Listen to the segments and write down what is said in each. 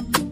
you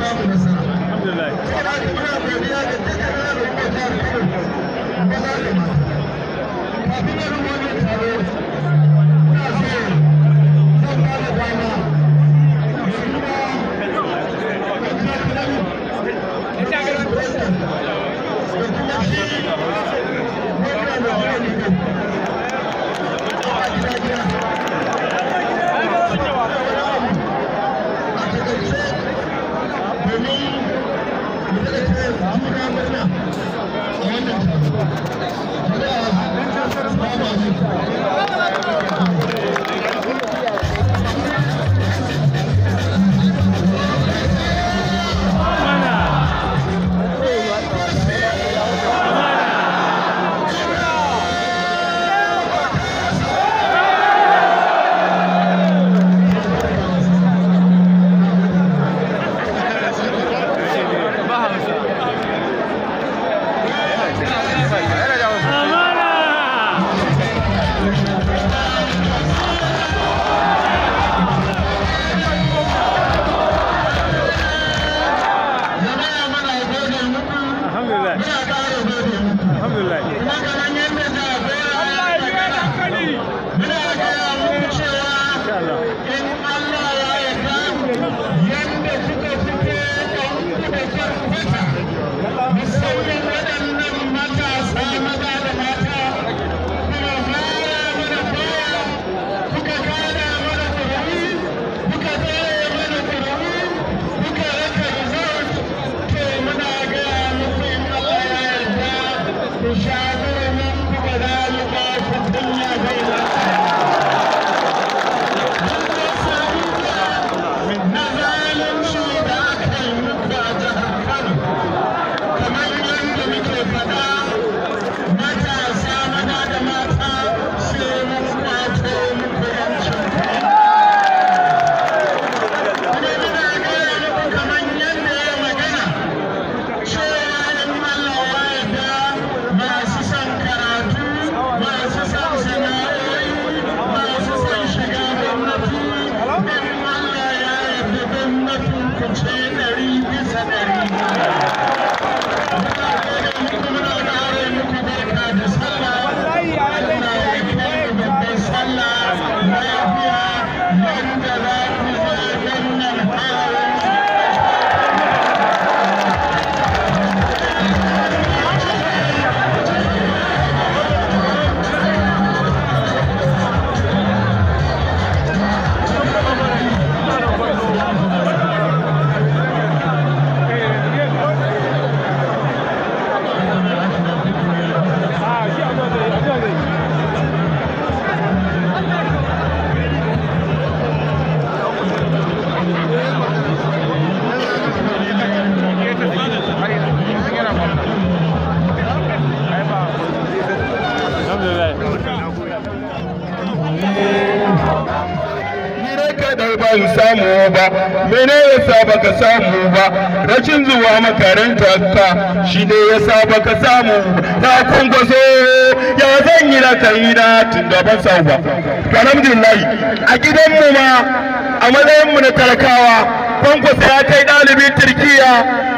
samu nasara. Alhamdulillah. Muna godiya da mata. Thank you. ba mene yasa baka samu ba rashin zuwa makaranta ka shine yasa baka samu ta kungozo ya zan yi na kai na da ban samu ba alhamdulillah a gidanmu ma a matsayinmu na talakawa kwankwasa ya kai ɗalibin turkiya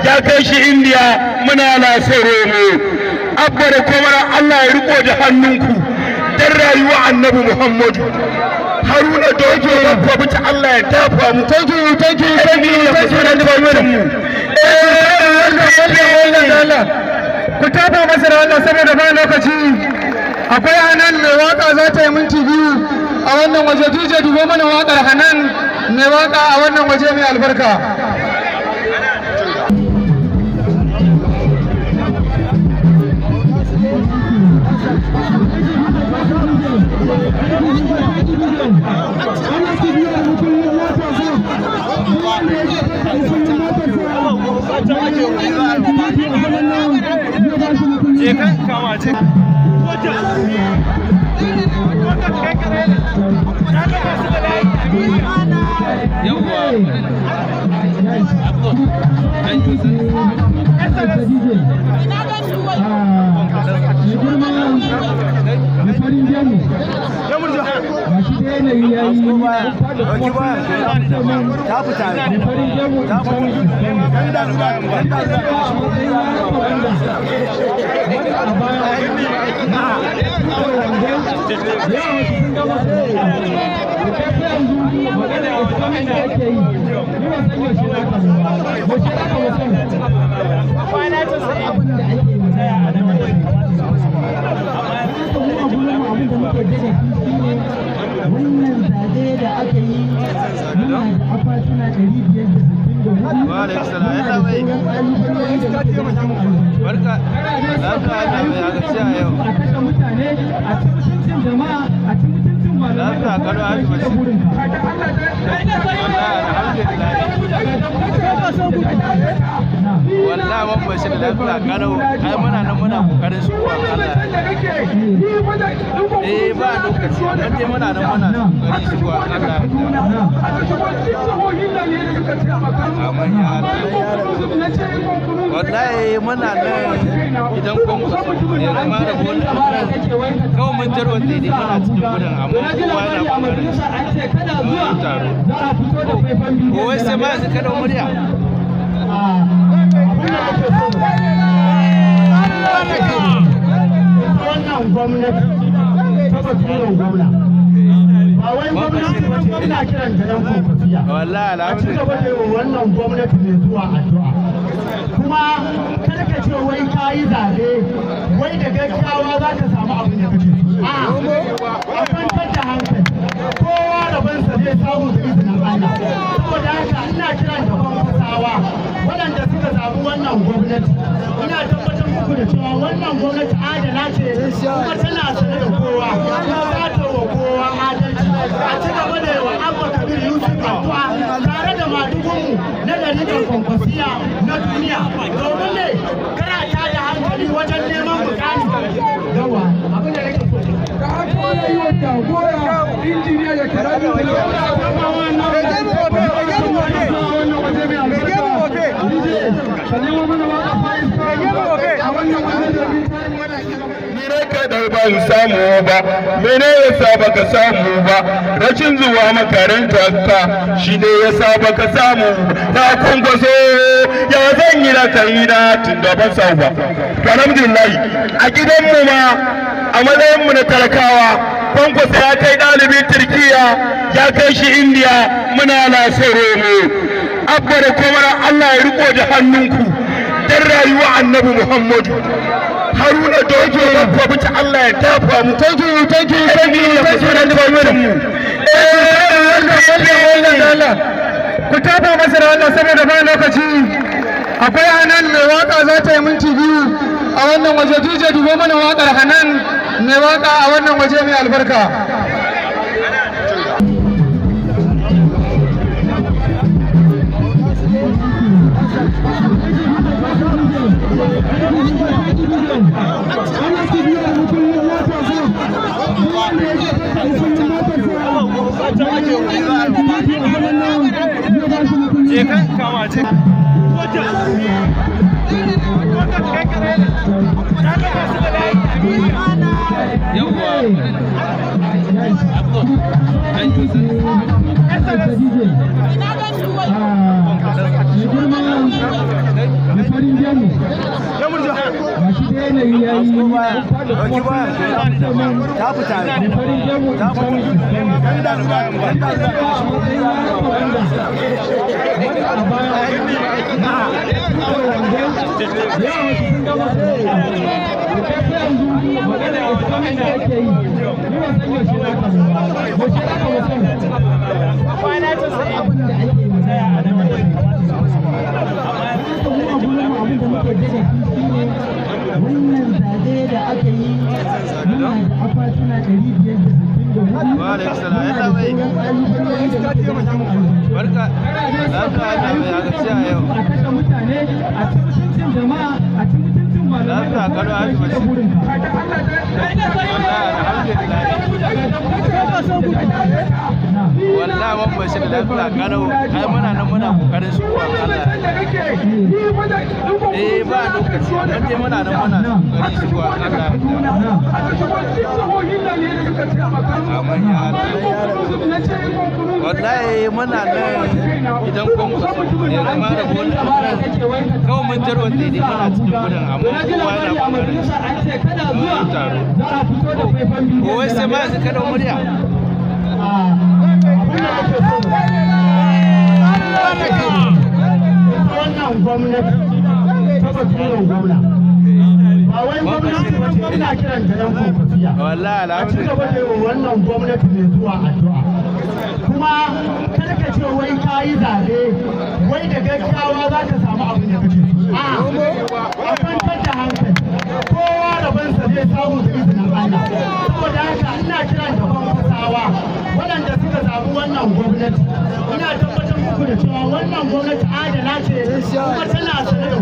ya kai shi indiya muna lasere mu abba da kuma Allah ya riko da hannunku dan rayuwa annabi Muhammadu haruna da yake rabuwa ta Allah ya tafa mu thank you thank you thank da mu ku tafa masa da wannan saboda ba lokaci akwai hanan mai waka za ta yi minti biyu a wannan waje duje dubo mana wakar hanan mai waka a wannan waje mai albarka Thank you. je kan kama je Yawwa, yanayi ya yi ta fita ta Thank you. da aka yi muna da akwatuna ɗari biyar da sittin da a mutane a a da wallahi ban bashi da lafiya kalau ai muna nan muna kokarin su ko Allah eh ba lokaci amma dai muna nan muna kokarin su ko Allah amma ya wallahi muna nan idan kun ku ne amma da wani kawai mun tarwa ne muna cikin gudun amma kowa yana kokarin su taro ko wai sai ma su kada murya wannan gwamnati ta gwamna ba wai gwamnati kiran da yan a wannan gwamnati mai zuwa addu'a kuma karka ce wai ka yi zaɓe wai da za samu abin da kake a ta hankali kowa rabonsa zai samu da izinin Allah wannan gwamnati ina tabbatar muku da cewa wannan gwamnati adala ce kuma tana sanar da kowa kuma za ta wa kowa adalci a ci gaba da yawa abba kabir yusuf addu'a tare da madugunmu na dalilin kwankwasiya na duniya domin ne karata da hankali wajen neman bukatu yawa abin da nake so ka haɗu da yiwa jagora injiniya ya kira da wani kadar ban samu ba mene yasa baka samu ba rashin zuwa makaranta ka shine yasa baka samu na kungoso ya zan yi na kaina tun da ban samu ba alhamdulillah a gidanmu ma a matsayinmu na talakawa kwankwasa ya kai ɗalibin turkiya ya kai shi indiya muna lasere mu abba da komara Allah ya riko da hannunku dan rayuwa annabi Muhammadu Haruna doke babba ta Allah ya tafa mu thank you thank you thank you thank you da bayyana eh, mu ku tafa masara wannan saboda ba lokaci akwai anan ne waka za ta yi minti biyu a wannan waje duje dubo mana wakar hanan ne waka a wannan waje mai albarka Jekan kama je. Yawwa. Abdul. Thank you. ɗauki baya ta fita ta Thank you. ɗaya da aka yi muna da akwatuna ɗari biyar da sittin da hudu muna da sauran ayyukan da aka yi a a yau a kashe mutane a mutuncin jama'a a ci mutuncin malamai da a da burin ka. Allah alhamdulillah. wallahi ban bashi da lafiya kalau ai muna nan muna kokarin su kuwa Allah eh ba lokaci amma dai muna nan muna kokarin su kuwa Allah amma ya wallahi muna nan idan kun ku ne zama da wani kawai mun tarwa ne muna cikin gudun amma kowa yana kokarin su taro ko wai sai ma su kada murya gwamnati ta baturen gwamna ba wai gwamnati kiran da yan kofafiya a wannan gwamnati mai zuwa addu'a kuma karka ce wai ka yi da gaggawa za ka samu abin da kake so a kwantar da hankali zai samu da izinin Allah saboda haka ina kiran da fasawa waɗanda suka zaɓi wannan gwamnati ina tabbatar muku da cewa wannan gwamnati adala ce kuma tana sanar da